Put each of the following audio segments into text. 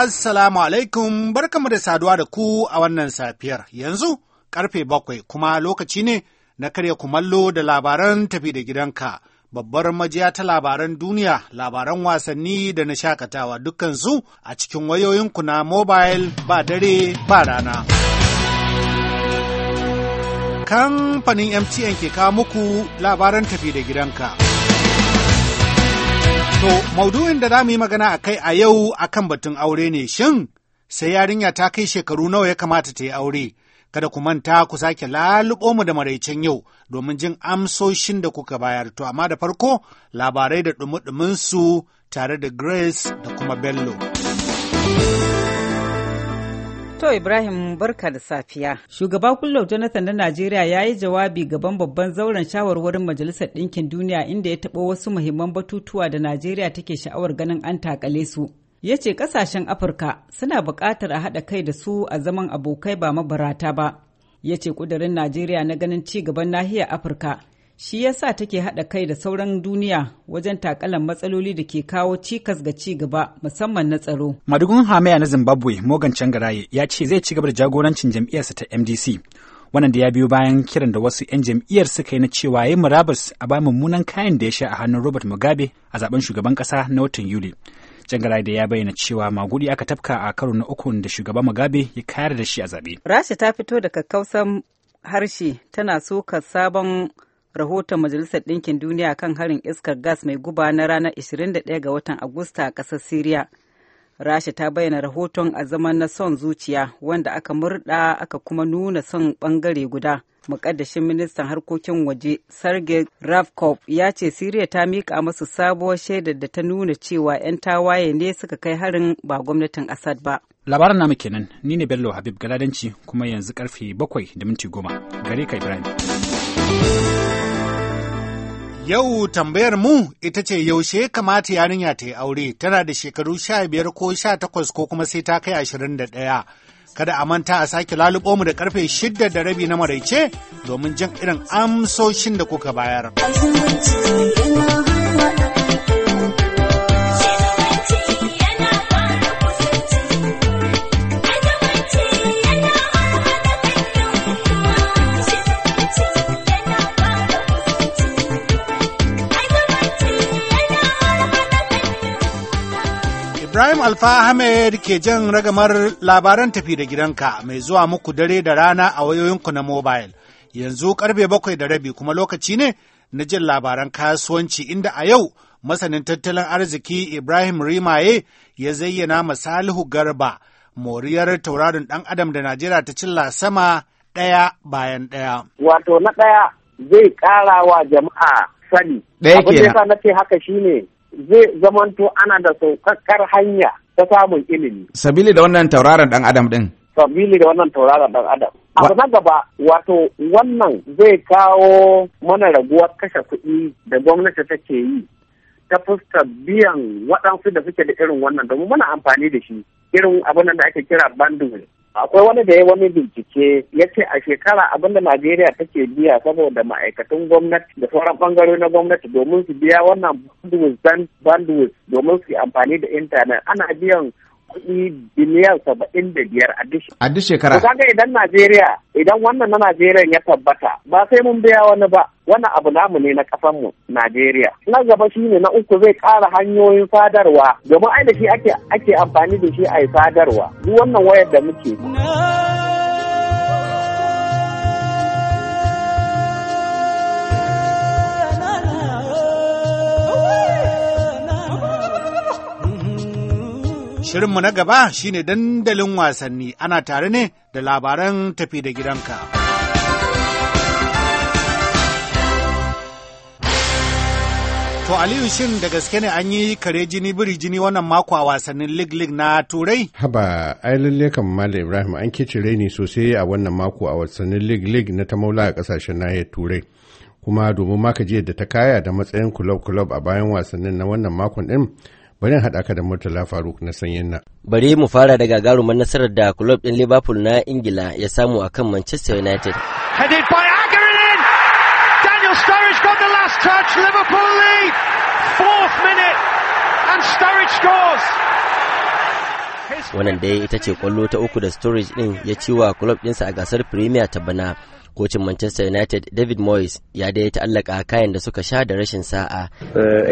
Assalamu alaikum, barkamu da saduwa da ku a wannan safiyar. Yanzu karfe bakwai kuma lokaci ne na karya kumallo da labaran tafi da gidanka. Babbar majiya ta labaran duniya, labaran wasanni da na shakatawa dukansu a cikin wayoyinku na mobile ba dare ba rana. Kamfanin MTN ke kawo muku labaran tafi da gidanka. To, maudu'in da za mu yi magana a kai a yau a kan batun aure ne, shin sai yarinya ta kai shekaru nawa ya kamata ta yi aure? Kada ku manta ku sake lalubo mu da maraicen yau domin jin amsoshin da kuka bayar. To, amma da farko labarai da ɗumi-ɗuminsu tare da Grace da kuma Bello. To Ibrahim barka da safiya. Shugaba kullum Jonathan na Najeriya ya yi jawabi gaban babban zauren shawarwarin Majalisar Ɗinkin Duniya inda ya taɓo wasu muhimman batutuwa da Najeriya take sha'awar ganin an takale su. Ya ce ƙasashen Afirka suna buƙatar a haɗa kai da su a zaman abokai ba mabarata ba. Ya ce ƙudurin Najeriya na ganin ci gaban nahiyar Afirka Shi ya sa take haɗa kai da sauran duniya wajen takalan matsaloli da ke kawo cikas ga ci gaba musamman na tsaro. Madugun Hamaya na Zimbabwe Morgan Changaraye ya ce zai ci gaba da jagorancin jam'iyyarsa ta MDC. Wannan da ya biyo bayan kiran da wasu 'yan jam'iyyar suka yi na cewa ya murabus a ba mummunan kayan da ya sha a hannun Robert Mugabe a zaben shugaban ƙasa na watan Yuli. jangara da ya bayyana cewa magudi aka tafka a karo na uku da shugaban mugabe ya kayar da shi a zaɓe. rasha ta fito da kakkausan harshe tana soka sabon rahoton Majalisar Ɗinkin Duniya kan harin iskar gas mai guba na ranar 21 ga watan Agusta a ƙasar Siriya. Rasha ta bayyana rahoton a zaman na son zuciya wanda aka murɗa aka kuma nuna son bangare guda. Mukaddashin ministan harkokin waje Sergei Ravkov ya ce Siriya ta mika masu sabuwar shaidar da ta nuna cewa 'yan tawaye ne suka kai harin ba gwamnatin Assad ba. Labaran namu kenan, ni ne Bello Habib Galadanci kuma yanzu karfe bakwai da minti goma. Gare ka Ibrahim. Yau tambayar mu ita ce yaushe ya kamata yarinya ta yi aure tana da shekaru sha biyar ko sha takwas ko kuma sai ta kai ashirin da ɗaya. Kada a manta a sake lalubo mu da karfe shidda da rabi na maraice domin jin irin amsoshin da kuka bayar. Ibrahim Alfa Ahmed ke jan ragamar labaran tafi da gidanka mai zuwa muku dare da rana a wayoyinku na mobile. Yanzu karfe bakwai da rabi kuma lokaci ne na jin labaran kasuwanci inda a yau masanin tattalin arziki Ibrahim Rimaye ya zayyana masalihu garba moriyar tauraron ɗan adam da Najeriya ta cilla sama ɗaya bayan ɗaya. Wato na ɗaya zai ƙara wa jama'a sani. Ɗaya da. Abin na ce haka shine zai zamanto ana da saukakkar hanya ta samun ilimi. Sabili da wannan tauraron ɗan Adam ɗin. Sabili da wannan tauraron ɗan Adam. a na gaba wato wannan zai kawo mana raguwar kashe kuɗi da gwamnati take yi ta fuskar biyan waɗansu da suke da irin wannan domin muna amfani da shi irin abin da ake kira bandwidth akwai wani da ya wani bincike ya ce a shekara abinda najeriya take biya saboda ma'aikatan gwamnati da sauran bangarori na gwamnati domin su biya wannan bandwidth domin su yi amfani da intanet ana biyan kuɗi biliyan saba'in da biyar a duk a duk shekara kaga idan Najeriya idan wannan na Najeriya ya tabbata ba sai mun biya wani ba wannan abu namu ne na mu Najeriya na gaba ne na uku zai ƙara hanyoyin sadarwa domin ai da shi ake amfani da shi a sadarwa duk wannan wayar da muke Shirinmu na gaba shine dandalin wasanni ana tare ne da labaran tafi da gidanka. To Aliyu shin da gaske ne an yi kare jini biri jini wannan mako a wasannin lig lig na Turai? Haba, ai lalle kan Malam Ibrahim an kici ni sosai a wannan mako a wasannin lig lig na ta maula a kasashen nahiyar Turai. Kuma domin maka jiya da ta kaya da matsayin kulob kulob a bayan wasannin na wannan makon din bari in haɗa ka da Murtala Faruk na sanyin nan. Bari mu fara da gagarumar nasarar da kulob ɗin Liverpool na Ingila ya samu a kan Manchester United. Headed by Aguilin! Daniel Sturridge got the last touch, Liverpool lead! Fourth minute and Sturridge scores! Wannan dai ita ce kwallo ta uku da Sturridge ɗin ya ciwa kulob ɗinsa a gasar Premier ta bana. kocin manchester united david moyes ya da ya ta'allaka kayan da suka sha da rashin sa'a uh,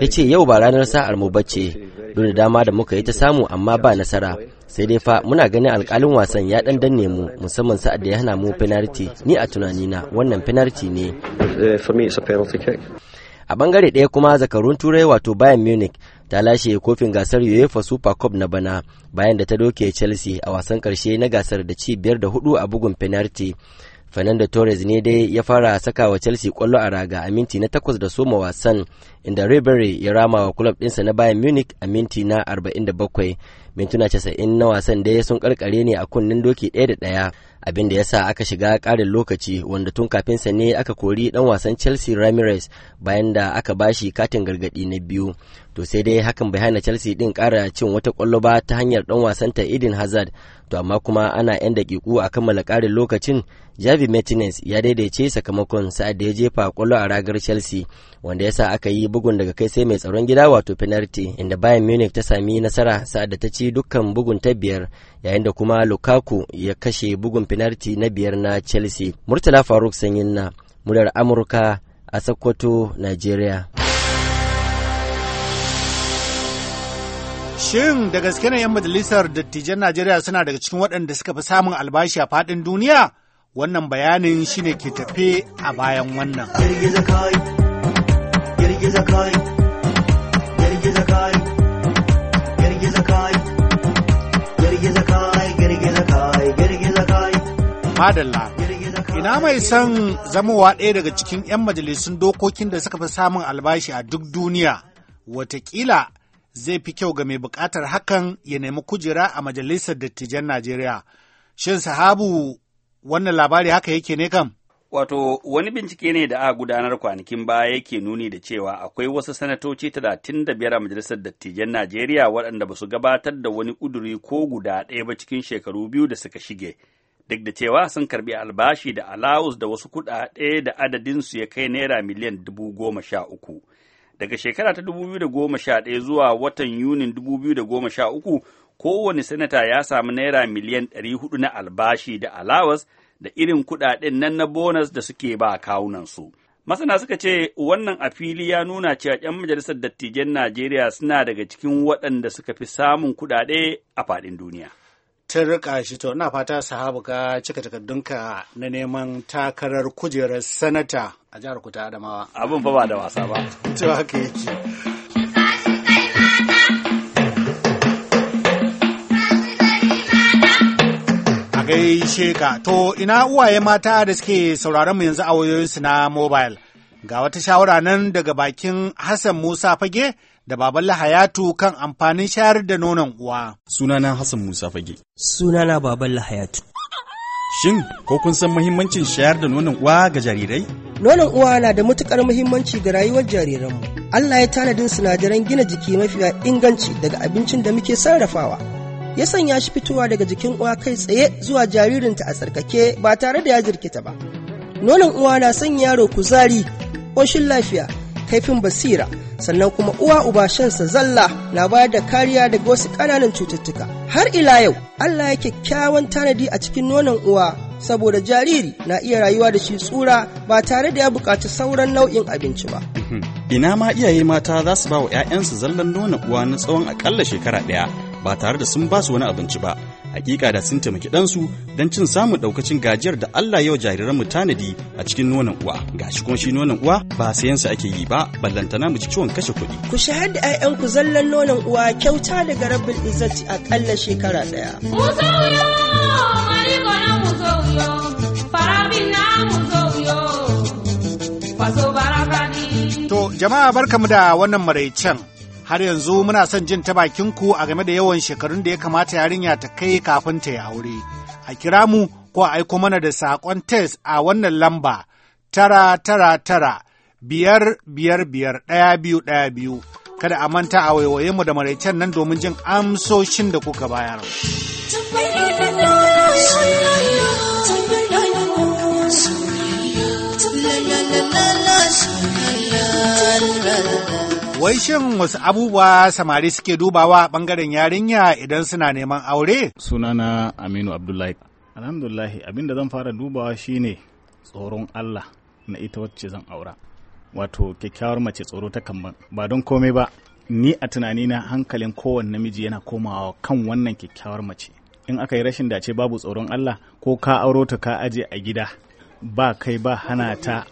ya ce yau ba ranar sa'ar mu bace duk da dama da muka yi ta samu amma ba nasara sai dai fa muna ganin alkalin wasan ya dan danne mu musamman sa'ad da ya hana mu penalty ni a tunanina wannan penalty ne uh, a bangare ɗaya kuma zakarun turai wato bayan munich ta lashe kofin gasar UEFA Super Cup na bana bayan da ta doke Chelsea a wasan karshe na gasar da ci biyar da hudu a bugun penalty. Fernando Torres ne dai ya fara saka wa Chelsea kwallo a raga a minti na takwas da soma wasan inda Ribery ya rama wa club dinsa na bayan Munich a minti na 47 mintuna 90 na wasan dai sun karkare ne a kunnen doki ɗaya da ɗaya abin da ya sa aka shiga ƙarin lokaci wanda tun kafinsa ne aka kori ɗan wasan chelsea ramirez bayan da aka bashi katin gargaɗi na biyu to sai dai hakan bai hana chelsea ɗin kara cin wata ƙwallo ba ta hanyar ɗan wasanta eden hazard to amma kuma ana 'yan dakiku a kammala karin lokacin javi martinez ya daidaice sakamakon sa'ad da ya jefa kwallo a ragar chelsea wanda ya sa aka yi bugun daga kai sai mai tsaron gida wato penalty inda bayan munich ta sami nasara sa'ad da ta ci dukkan bugun ta biyar yayin da kuma lukaku ya kashe bugun penalty na biyar na chelsea murtala faruk sanyin na muryar amurka a sokoto nigeria Shin da gaske ne 'yan majalisar dattijan Najeriya suna daga cikin waɗanda suka fi samun albashi a faɗin duniya? Wannan bayanin shi ne ke tafe a bayan wannan. Madalla, ina mai son zamowa ɗaya daga cikin 'yan majalisun dokokin da suka fi samun albashi a duk duniya, watakila zai fi kyau ga mai bukatar hakan ya nemi kujera a majalisar dattijan Najeriya. Shin sahabu wannan labari haka yake ne kam? Wato, wani bincike ne da aka gudanar kwanakin baya yake nuni da cewa akwai wasu sanatoci talatin da biyar a Majalisar Dattijan Najeriya waɗanda ba su gabatar da wani ƙuduri ko guda ɗaya ba cikin shekaru biyu da suka shige. Duk da cewa sun karbi albashi da alawus da wasu kuɗaɗe da adadinsu ya kai naira miliyan dubu goma sha uku. daga shekara ta 2011 zuwa watan Yunin 2013 kowane sanata ya sami naira miliyan 400 na albashi da alawas da irin kuɗaɗen nan na bonus da suke ba kawunansu. Masana suka ce wannan a fili ya nuna cewa 'yan majalisar dattijan Najeriya suna daga cikin waɗanda suka fi samun kuɗaɗe a faɗin duniya. ta rika shi to ina fata sahabu ka cika takardunka na neman takarar kujerar sanata a jihar kuta adamawa abin fa ba da wasa ba to haka yake a gaishe ka to ina uwaye mata da suke sauraron mu yanzu a wayoyinsu na mobile ga wata shawara nan daga bakin hassan musa fage da Baballa Hayatu kan amfanin shayar da nonon uwa. Sunana Hassan Musa Fage. Sunana Baballa Hayatu. Shin, ko kun san muhimmancin shayar da nonon uwa ga jarirai? Nonon uwa na da matukar muhimmanci ga rayuwar jariranmu. Allah ya tanadin sinadaran gina jiki mafi inganci daga abincin da muke sarrafawa. Ya sanya shi fitowa daga jikin uwa kai tsaye zuwa jaririnta a tsarkake ba tare da ya jirkita ba. Nonon uwa na son yaro kuzari, ƙoshin lafiya, kaifin basira, sannan kuma uwa uba shansa zalla na bayar da kariya daga wasu ƙananan cututtuka har ila yau Allah ya kyakkyawan tanadi a cikin nonon uwa saboda jariri na iya rayuwa da shi tsura ba tare da ya buƙaci sauran nau'in abinci ba. Mhm. Ina ma iyaye mata za su ba wa 'ya'yansu zallan nonon uwa na tsawon aƙalla shekara ɗaya ba tare da sun ba su wani abinci ba. hakika da sun taimaki ɗansu don cin samun ɗaukacin gajiyar da Allah yau jariran mu tanadi a cikin nonon uwa gashi kuma shi nonon uwa ba sayan sa ake yi ba ballantana mu ci ciwon kashe kuɗi. Ku shahar da 'ya'yanku zallan nonon uwa kyauta daga rabin izzati aƙalla shekara ɗaya. Mu sauyo, mari mu farafin na mu faso To jama'a barkamu da wannan maraicen. har yanzu muna son jin ta bakin ku a game da yawan shekarun da ya kamata yarinya ta kai kafin ta yi aure. A kira mu ko a aiko mana da saƙon tes a wannan lamba tara tara tara biyar biyar biyar ɗaya biyu ɗaya biyu. Kada a manta a waiwaye mu da maraicen nan domin jin amsoshin da kuka bayar. la la la la Wai shin wasu abubuwa samari suke dubawa bangaren yarinya idan suna neman aure? Sunana Aminu Abdullahi. Alhamdulahi da zan fara dubawa shine tsoron Allah na ita wacce zan aura. Wato kyakkyawar mace tsoro ta kamban ba don komai ba. Ni a tunani na hankalin kowane namiji yana komawa kan wannan kyakkyawar mace. In aka yi rashin dace babu tsoron Allah ko ka auro ta ka aje a gida ba kai ba hana ta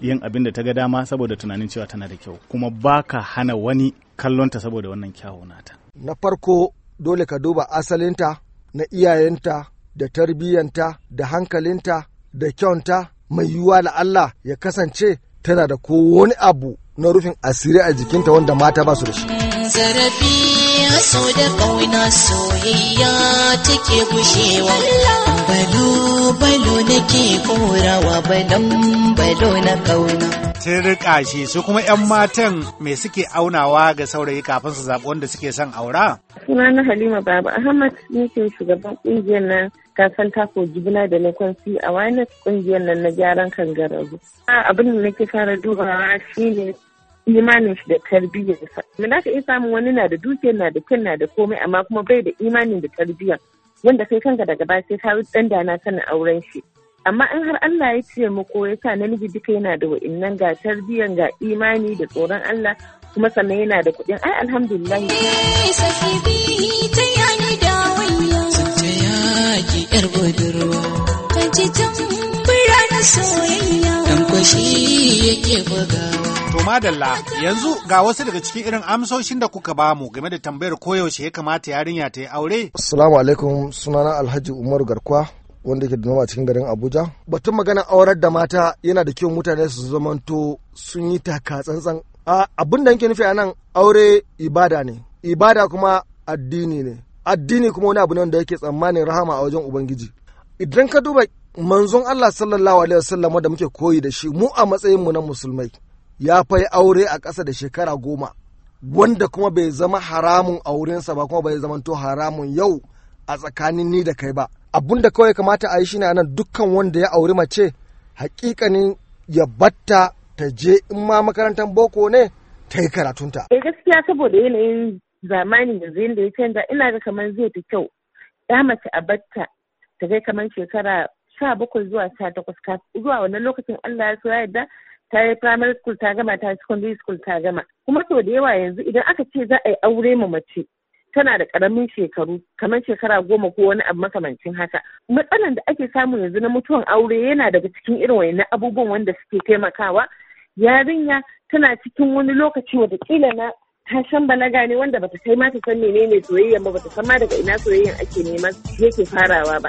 yin abin da ta ga dama saboda tunanin cewa tana da kyau kuma baka hana wani kallonta saboda wannan kyawu nata na farko dole ka duba asalinta na iyayenta da tarbiyyanta da hankalinta da kyauta mai yiwuwa da Allah ya kasance tana da ko wani abu na rufin asiri a jikinta wanda mata ba su da shi. take gushewa. balo balo nake korawa balon balo na kauna sun rika shi su kuma yan matan me suke aunawa ga saurayi kafin su zaɓi wanda suke son aura sunana halima baba ahmad nake shugaban kungiyar nan kasan tako jibina da na kwanci a wani kungiyar nan na gyaran kangararru abin da nake fara dubawa shine imanin shi da tarbiyyarsa. Me za ka iya samun wani na da dukiyar na da kyan na da komai amma kuma bai da imanin da tarbiyyar. wanda kai kanka daga baya sai ka dan dana sanin auren shi amma in har Allah ya ce mu ko ya sa namiji duka yana da wa'innan ga tarbiyyan ga imani da tsoron Allah kuma sannan yana da kuɗin ai alhamdulillah kwashi yake bugawa To madalla yanzu ga wasu daga cikin irin amsoshin da kuka bamu game da tambayar koyaushe ya kamata yarinya ta yi aure. Assalamu alaikum sunana Alhaji Umaru Garkwa wanda ke da a cikin garin Abuja. Batun magana aurar da mata yana da kyau mutane su zamanto sun yi taka tsantsan. Abin da yake nufi a nan aure ibada ne, ibada kuma addini ne. Addini kuma wani abu ne da yake tsammanin rahama a wajen Ubangiji. Idan ka duba manzon Allah sallallahu alaihi wasallam da muke koyi da shi mu a matsayin mu na musulmai ya fai aure a ƙasa da shekara goma wanda kuma bai zama haramun aurensa ba kuma bai zama haramun yau a tsakanin ni da kai ba abun da kawai kamata a yi shine anan dukkan wanda ya auri mace hakikanin ya batta ta je in ma makarantar boko ne ta yi karatunta. Eh gaskiya saboda yanayin zamani zai da ya canza ina ga kamar zai fi kyau ya mace a batta ta kai kamar shekara sha bakwai zuwa sha takwas zuwa wannan lokacin Allah ya so ya yarda ta yi primary school ta gama ta yi secondary school ta gama kuma sau da yawa yanzu idan aka ce za a yi aure ma mace tana da karamin shekaru kamar shekara goma ko wani abu makamancin haka matsalan da ake samu yanzu na mutuwan aure yana daga cikin irin wayannan abubuwan wanda suke taimakawa yarinya tana cikin wani lokaci kila na tashan balaga ne wanda bata kai ma ta san menene soyayya ba bata san ma daga ina soyayyan ake nema yake farawa ba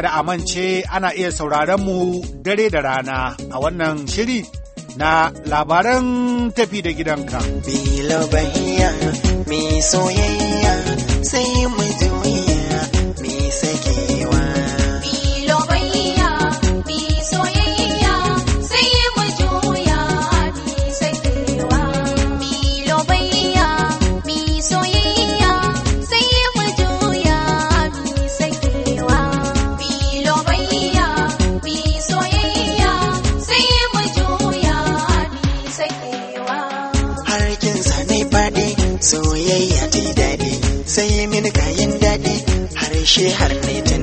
kada a mance ana iya sauraron mu dare da rana a wannan shiri na labaran tafi da gidanka. Bilo soyayya sai mu juya, sakewa. soyayya ta daɗi sai yi mini kayan daɗi harshe har na